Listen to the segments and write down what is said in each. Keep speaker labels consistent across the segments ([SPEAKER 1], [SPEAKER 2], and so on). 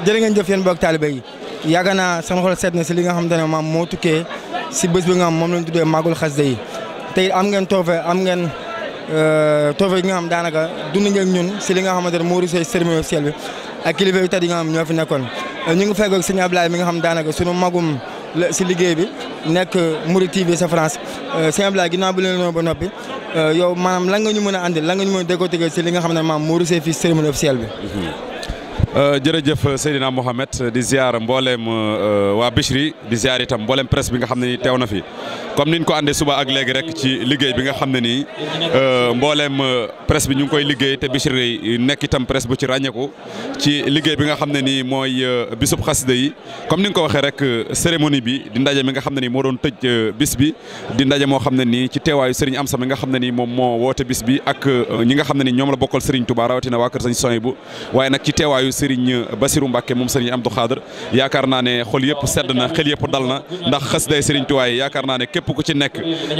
[SPEAKER 1] jërë ngeen jëf yéen mbokk taalibe yi yàgg naa sama xol seet na si li nga xamante ne maam moo tukkee si bés bi nga xam moom lañ tuddee màggul xasida yi tey am ngeen toofe am ngeen euh, toofe yi nga xam daanaka dund ngeen ñun si li nga xamante ne moo rusee cérémonie officielle bi ak kilifa yi nga xam ñoo fi nekkoon euh, ñu ngi fekk ak sëñ Ablaye mi nga xam daanaka sunu magum si liggéey bi nekk Mouride TV sa France euh, sëñ Ablaye ginnaaw bi leen ba noppi yow maanaam lan nga ñu mën a àndil lan nga ñu mën a si li nga xam ne maam moo rusee fii cérémonie officielle bi
[SPEAKER 2] mm-hmm. Euh, jërëjëf euh, Seydina Mohamed euh, di ziar mbooleem waa Bichri di ziar itam mbooleem presse bi nga xam ne nii teew na fi comme niñ ko àndee suba ak léegi rek ci liggéey bi nga xam ne nii mbooleem presse bi ñu ngi koy liggéey te Bichri nekk itam presse bu ci ràññeeku ci liggéey bi nga xam ne nii mooy bisub xasida yi comme ni nga ko waxee rek cérémonie bi di ndaje mi nga xam ne nii moo doon tëj bis bi di ndaje moo xam ne nii ci teewaayu Serigne Amsa mi nga xam ne nii moom moo woote bis bi ak ñi nga xam ne nii ñoom la bokkal Serigne Touba rawatina waa kër Serigne bu waaye nag ci teewaayu Serigne Bassirou Mbacke moom Serigne Abdou Khadr yaakaar naa ne xol yëpp sedd na xel yëpp dal na ndax xës day Serigne Touba yi yaakaar naa ne képp ku ci nekk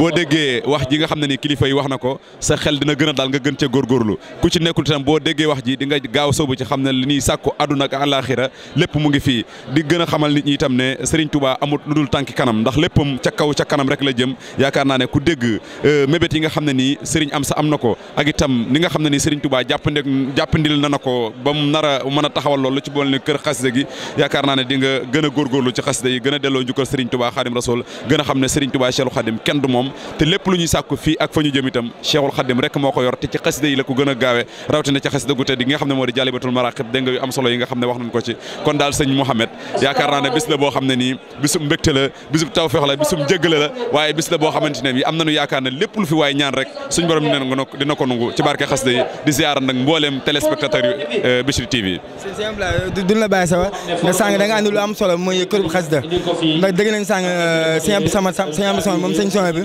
[SPEAKER 2] boo déggee wax ji nga xam ne ni kilifa yi wax na ko sa xel dina gën a dal nga gën cee góorgóorlu ku ci nekkul itam boo déggee wax ji di nga gaaw soobu ci xam ne li ñuy sàkku àdduna ak àllaaxira lépp mu ngi fii di gën a xamal nit ñi itam ne Serigne Touba amut lu dul tànki kanam ndax léppam ca kaw ca kanam rek la jëm yaakaar naa ne ku dégg euh, mébét yi nga xam ne nii Serigne Amsa am na ko ak itam ni nga xam ne nii Serigne Touba jàppandi jàppandil na a na a taxawal loolu ci bool ni kër xasida gi yaakaar naa ne di nga gën a góorgóorlu ci xasida yi gën a delloo njukkal Serigne Touba Khadim Rasoul gën a xam ne Serigne Touba Cheikhul Khadim kenn du moom te lépp lu ñuy sàkku fii ak fa ñu jëm itam Cheikhul Khadim rek moo ko yor te ci xasida yi la ko gën a gaawe rawatina ci xasida gu tedd nga xam ne moo di Jaalibatul Maraqib dégg nga yu am solo yi nga xam ne wax nañ ko ci kon daal sëñ Mouhamed yaakaar naa ne bis la boo xam ne nii bisum mbégte la bisum tawfeex la bisum bis boo xamante ne bi am nañu yaakaar lépp lu fi waaye ñaan rek suñ borom dina ko nangu ci barke xasida yi di
[SPEAKER 1] sëñ Sëñ la bàyyi sawa nga sàng da nga lu am solo mooy kër bu xasida ndax dëgg nañ sàng sëñ Abdou Samad sëñ moom sëñ Sonia bi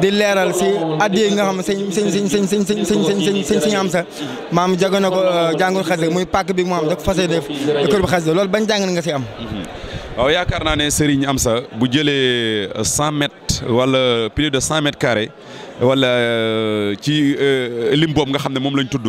[SPEAKER 1] di leeral si addi nga xam ne sëñ sëñ sëñ sëñ sëñ sëñ sëñ sëñ am sa maam jago na ko jàngul xasida muy pàkk bi mu am da ko fasee def kër bu xasida loolu ban jàng nga si am
[SPEAKER 2] waaw yaakaar naa ne Serigne am sa bu jëlee cent mètres wala plus de cent mètres carrés wala ci lim boobu nga xam ne moom lañ tudd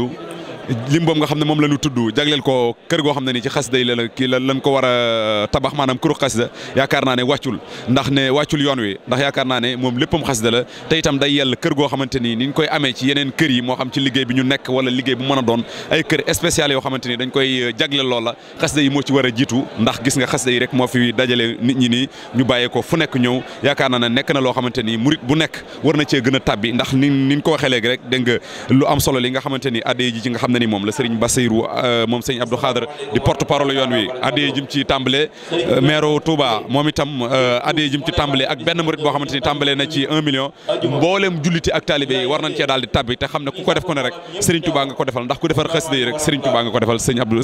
[SPEAKER 2] lim boobu nga xam ne moom la ñu tudd jagleel ko kër goo xam ne ni ci xasida yi la ko war a tabax maanaam këru xasida yaakaar naa ne wàccul ndax ne wàccul yoon wi ndax yaakaar naa ne moom léppam xasida la te itam day yell kër goo xamante ni ni ñu koy amee ci yeneen kër yi moo xam ci liggéey bi ñu nekk wala liggéey bu mën a doon ay kër spécial yoo xamante ni dañ koy euh, jagleel loola xasida yi moo ci war a jiitu ndax gis nga xasida yi rek moo fi dajale nit ñi nii ñu bàyyee ko fu nekk ñëw yaakaar naa ne nekk na loo xamante ni murit bu nekk na cee gën a ndax ni niñ ko waxee léegi rek dégg nga lu am li nga xamante ni nga xam na ni moom la Serigne Bassirou euh, moom sëñ Abdou Khadre di porte parole yoon wi addiya ci tàmbale euh, maire Touba moom itam euh, addiya ci tàmbale ak benn murit boo xamante ni na ci un million mboolem julliti ak taalibe yi cee daal di tabbi xam ne ku ko def ko ne rek Serigne Touba nga ko defal ndax ku defar xasida yi rek Serigne Touba nga ko defal sëñ Abdou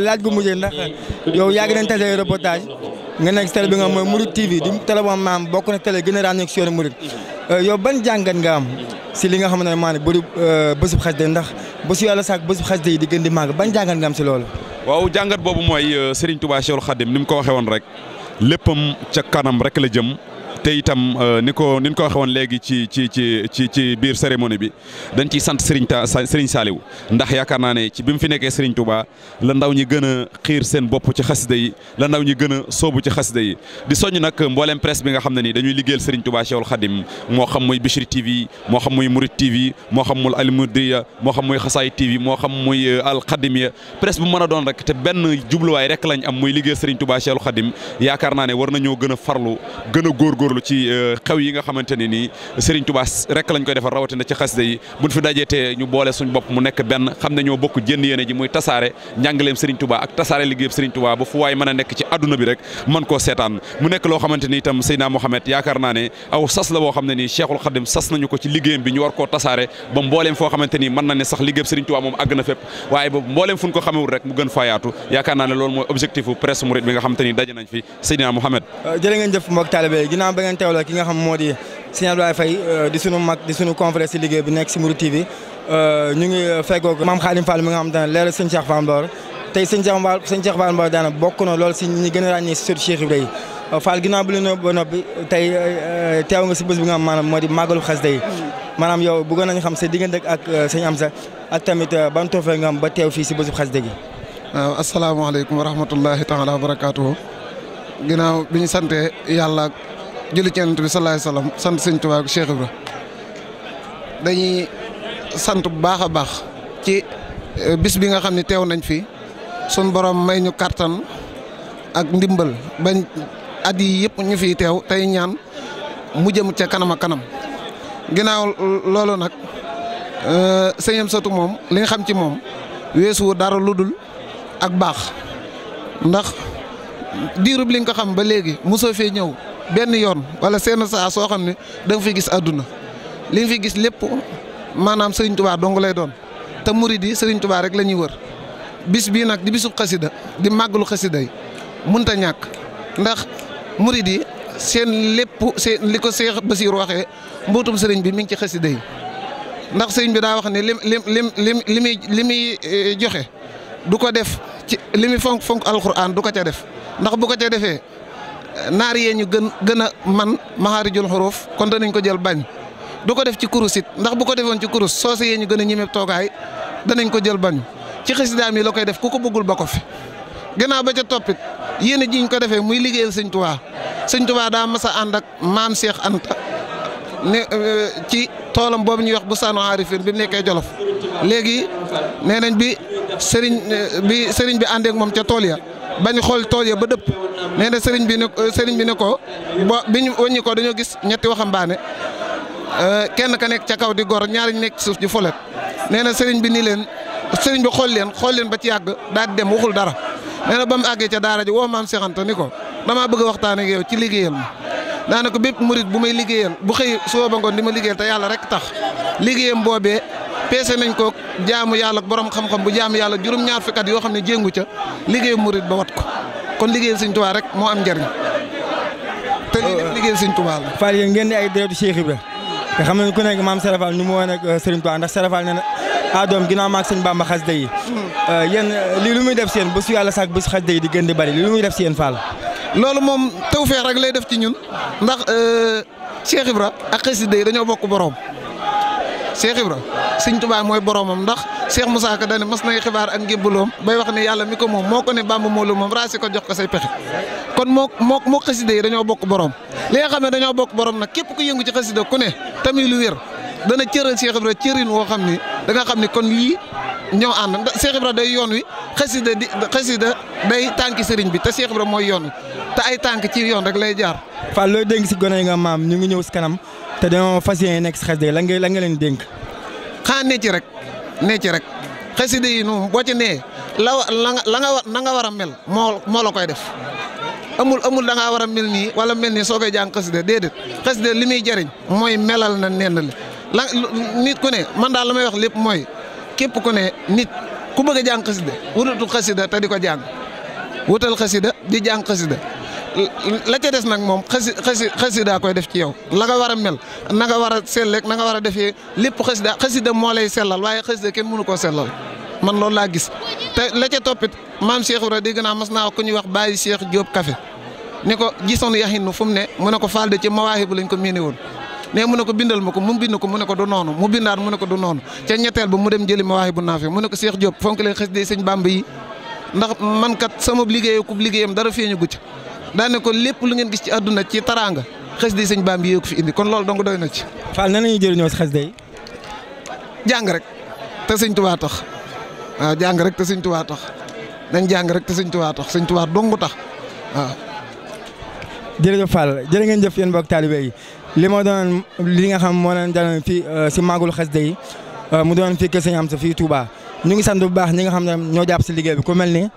[SPEAKER 1] laaj gu mujjee ndax yow yàgg nañ tase reportage nga nekk a si yoonu Mouride Euh, yow ban jàngat nga am si li nga xam ne maa ne bëri euh, bésub xasida ndax bésu yàlla saak bésub xasida yi di gën di màgg ban jàngat nga am si loolu.
[SPEAKER 2] waaw jàngat boobu mooy euh, Serigne Touba Cheikhul Khadim ni mu ko waxee woon rek léppam ca kanam rek la jëm te itam euh, ni ko ni ñu ko waxee woon léegi ci ci ci ci ci biir cérémonie bi dañ ciy sant Serigne Ta Serigne Saliou ndax yaakaar naa ne ci bi mu fi nekkee Serigne Touba la ndaw ñi gën a xiir seen bopp ci xasida yi la ndaw ñi gën a soobu ci xasida yi di soññ nag mbooleem presse bi nga xam ne nii dañuy liggéeyal Serigne Touba Cheikhul Khadim moo xam muy Bichri TV moo xam muy Mourid TV moo xam mul Al Mouridiya moo xam muy Xasaay TV moo xam muy euh, Al Khadimiya presse bu mën a doon rek te benn jubluwaay rek lañ am muy liggéeyal Serigne Touba Cheikhul Khadim yaakaar naa ne war nañoo gën a gën a góorgóorlu góorgóorlu ci euh, xew yi nga xamante ne nii Serigne Touba rek lañ koy defar rawatina ci xasida yi buñ fi dajeetee ñu boole suñ bopp mu nekk benn xam ne ñoo bokk jënn yéene ji muy tasaare njàngaleem Serigne Touba ak tasaare liggéeyam Serigne Touba ba a nekk ci adduna bi xam ne nii Cheikhul Khadim sas nañu ko ci liggéeyam bi ñu war koo tasaare ba mbooleem foo xamante nii na ne sax liggéeyam Serigne Touba moom àgg fépp waaye ba mbooleem fu ñu ko xamewul rek mu gën faayaatu yaakaar naa ne loolu mooy objectif u presse mouride bi nga xamante daje nañ fi Seydina Mohamed
[SPEAKER 1] ba ngeen teewloo ki xam moo di Serigne Abdoulaye Faye euh, di sunu si bi nekk si Mouride TV euh, ñu ngi feggoog maam Xaadim Fall mi nga xam ne leeral sëñ Cheikh Fall Mbawar tey sëñ Cheikh Fall sëñ Cheikh Fall Mbawar na lool si ñi gën a euh, ba noppi tey teew nga si bés bi nga xam maanaam moo di màggalu xasida yi maanaam yow bëggoon nañu xam sa diggante ak sëñ Amsa ak tamit ban toofee nga am ba teew fii si bésub xasida
[SPEAKER 3] gi waaw asalaamaaleykum wa rahmatullahi taala wa barakaatuhu ginnaaw bi ñu sante yàlla julli ci bi salaay salaam sant sëñ Tuubaa Cheikh Ibra dañuy sant bu baax a baax ci eh, bis bi nga xam ne teew nañ fi sun borom may ñu kàttan ak ndimbal bañ at yi yëpp ñu fi teew tey ñaan mu jëm ca kanam kanam ginnaaw loolu nag eh, sëñam satu moom li xam ci moom weesu dara lu dul ak baax ndax diirub bi liñ ko xam ba léegi musoo fee ñëw. benn yoon wala seen saa soo xam ne da nga fi gis àdduna li nga fi gis lépp maanaam Serigne Touba dong lay doon te murid yi Serigne Touba rek la ñuy wër bis bii nag di bisub xasida di màggalu xasida yi munta ñàkk ndax murid yi seen lépp seen li ko Seex Basiir waxee mbootum sëriñ bi mi ngi ci xasida yi ndax sëriñ bi daa wax ne lim lim li muy li muy eh, joxe du ko def ci li muy fonk fonk alxuraan du ko ca def ndax bu ko ca defee naar yee ñu gën gën a man maxaarijul xuruuf kon danañ ko jël bañ du ko def ci kurusit ndax bu ko defoon ci kurus soose yee ñu gën a ñemeb toogaay danañ ko jël bañ ci xasidaam yi la koy def ku ko bëggul ba ko fi gannaaw ba ca toppit yéen a jiñ ko defee muy liggéeyal sëñ Tuubaa sëñ Tuubaa daa mas a ànd ak maam Cheikh Anta ne euh, ci toolam boobu ñuy wax bu sànnu aarifin bi mu nekkee Jolof léegi nee nañ bi sëriñ euh, bi sëriñ bi àndeek moom ca tool ya bañ xool tooje ba dëpp nee na sëriñ bi ne sëriñ bi ne ko ba bi ñu wëññi dañoo gis ñetti waxambaane euh, kenn ka nekk ca kaw di gor ñaari nekk suuf di folet nee na sëriñ bi ni leen sëriñ bi xool leen xool leen ba ci àgg daal di dem waxul dara nee na ba mu àggee ca daara ji woo maam Cheikh ni ko damaa bëgg a waxtaan ak yow ci liggéeyal ma daanaka bépp murit bu may liggéeyal bu xëy suba ba ngoon di ma liggéeyal te yàlla rek tax liggéeyam boobee peese nañ ko jaamu yàlla boroom xam-xam bu jaamu yàlla juróom-ñaar fukki at yoo xam ne jéngu ca liggéey liggéeyu murit ba wat ko kon liggéeyal sëñ Tuubaa rek moo am njariñ te liggéey def liggéeyal sëñ Tuubaa la. ngeen di ay dérétu Cheikh te xam nañ ku nekk maam
[SPEAKER 1] Serap Fall ni mu woon ak euh, Serigne Touba ndax Serap Fall nee na ah doom ginnaaw maag sëñ Bamba xasida yi. Hmm. Euh, yéen euh, lii lu muy def si yéen bés yàlla sàkk bés xasida yi di gën di bari lii lu muy def si yéen Fall. loolu moom tawfeex
[SPEAKER 3] rek lay def ci ñun ndax Cheikh Ibra ak dañoo bokk borom Cheikh Ibra sëñ Tuubaa mooy boromam ndax Cheikh Moussa Ka dane mas nay xibaar ak ngébbaloom bay wax ne yàlla mi ko moom moo ko ne Bàmba moo la moom raasi ko jox ko say pexe kon moo moo moo yi dañoo bokk borom li nga xam ne dañoo bokk borom na képp ku yëngu ci xasida ku ne tamit lu wér dana cëral Cheikh Ibra cërin woo xam ni da xam ni kon lii ñoo ànd Cheikh Ibra day yoon wi xasida di xasida day tànki sëriñ bi te Cheikh Ibra mooy yoon wi te ay tànk ci yoon rek lay jaar.
[SPEAKER 1] Fall looy dénk si gone yi nga maam ñu ngi ñëw si kanam te dañoo fas yéene nekk si xasida la nga la
[SPEAKER 3] nga leen dénk. xanaa rek ne ci rek xasida yi boo ci nee la la nga na nga war a mel moo moo la koy def amul amul da ngaa war a mel nii wala mel nii soo koy jàng xasida li muy jëriñ mooy melal na nenn li la nit ku ne man daal la may wax lépp mooy képp ku ne nit ku bëgg a jàng xasida wutatu xasida te di ko jàng wutal xasida di jàng xasida la ca des nag moom xasi xasi daa koy def ci yow la nga war a mel na nga war a selleeg na nga war a defee lépp xasida xasida moo lay sellal waaye xasida kenn mënu koo sellal man loolu laa gis. te la ca toppit maam Cheikh Ibrahima dégg naa mas naa ku ñuy wax Baye Cheikh Diop Café ni ko gisoon yaxinu fu mu ne mu ne ko faal de ci mawaahibu lañ ko miine woon ne mu ne ko bindal ma ko mu bind ko mu ne ko du noonu mu bindaat mu ne ko du noonu ca ñetteel ba mu dem jëli mawaahibu naafi ne ko Cheikh Diop fonk leen xasida sëñ Bàmba ndax man kat sama liggéeyu ku liggéeyam dara feeñu ci daane ko lépp lu ngeen gis ci àdduna ci taraanga xasida yi sëñ Bamba yee ko fi indi kon loolu dong doy na ci. Fall nan la ñuy jëriñoo si xasida yi. jàng rek te sëñ Tuubaa tax waaw jàng rek te sëñ Tuubaa jàng rek te sëñ Tuubaa tax dong tax waaw.
[SPEAKER 1] jërëjëf Fall jërë ngeen jëf yéen mbokk taalibe yi li ma doon li nga xam moo leen daloon fii euh, si maagul xasida yi euh, mu doon fii kese ñu am sa fii Touba ñu ngi sant bu baax ñi nga xam ne ñoo jàpp si liggéey bi ku mel ni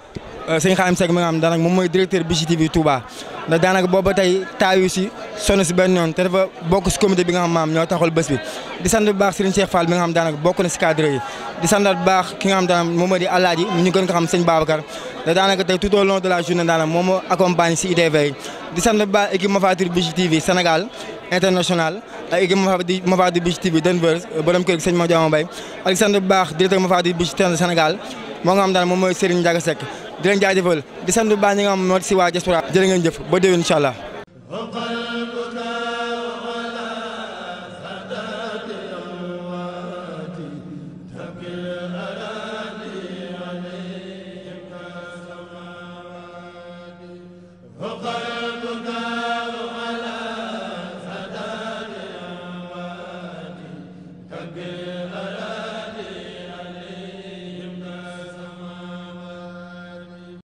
[SPEAKER 1] Euh, sëñ Xaalim Seck mi nga xam daanaka moom mooy directeur BGTV Touba ndax daanaka booba tey taayu si si benn yoon te dafa bokk si comité bi nga xam maam ñoo taxawal bés bi di sant baax si cadre yi di ki nga xam daanaka moom moo di Alaaji ñu gën ko xam da daanaka tey tout au long de la journée daanaka moom moo accompagne si ITV baax équipe Mafatir BGTV Sénégal international euh, moo nga xam daanaka moom mooy Serigne Ndiaga Seck di leen jaajëfal di sant bu baax ñi nga xam moo si waa diaspora jërë ngeen jëf ba déwén incha allah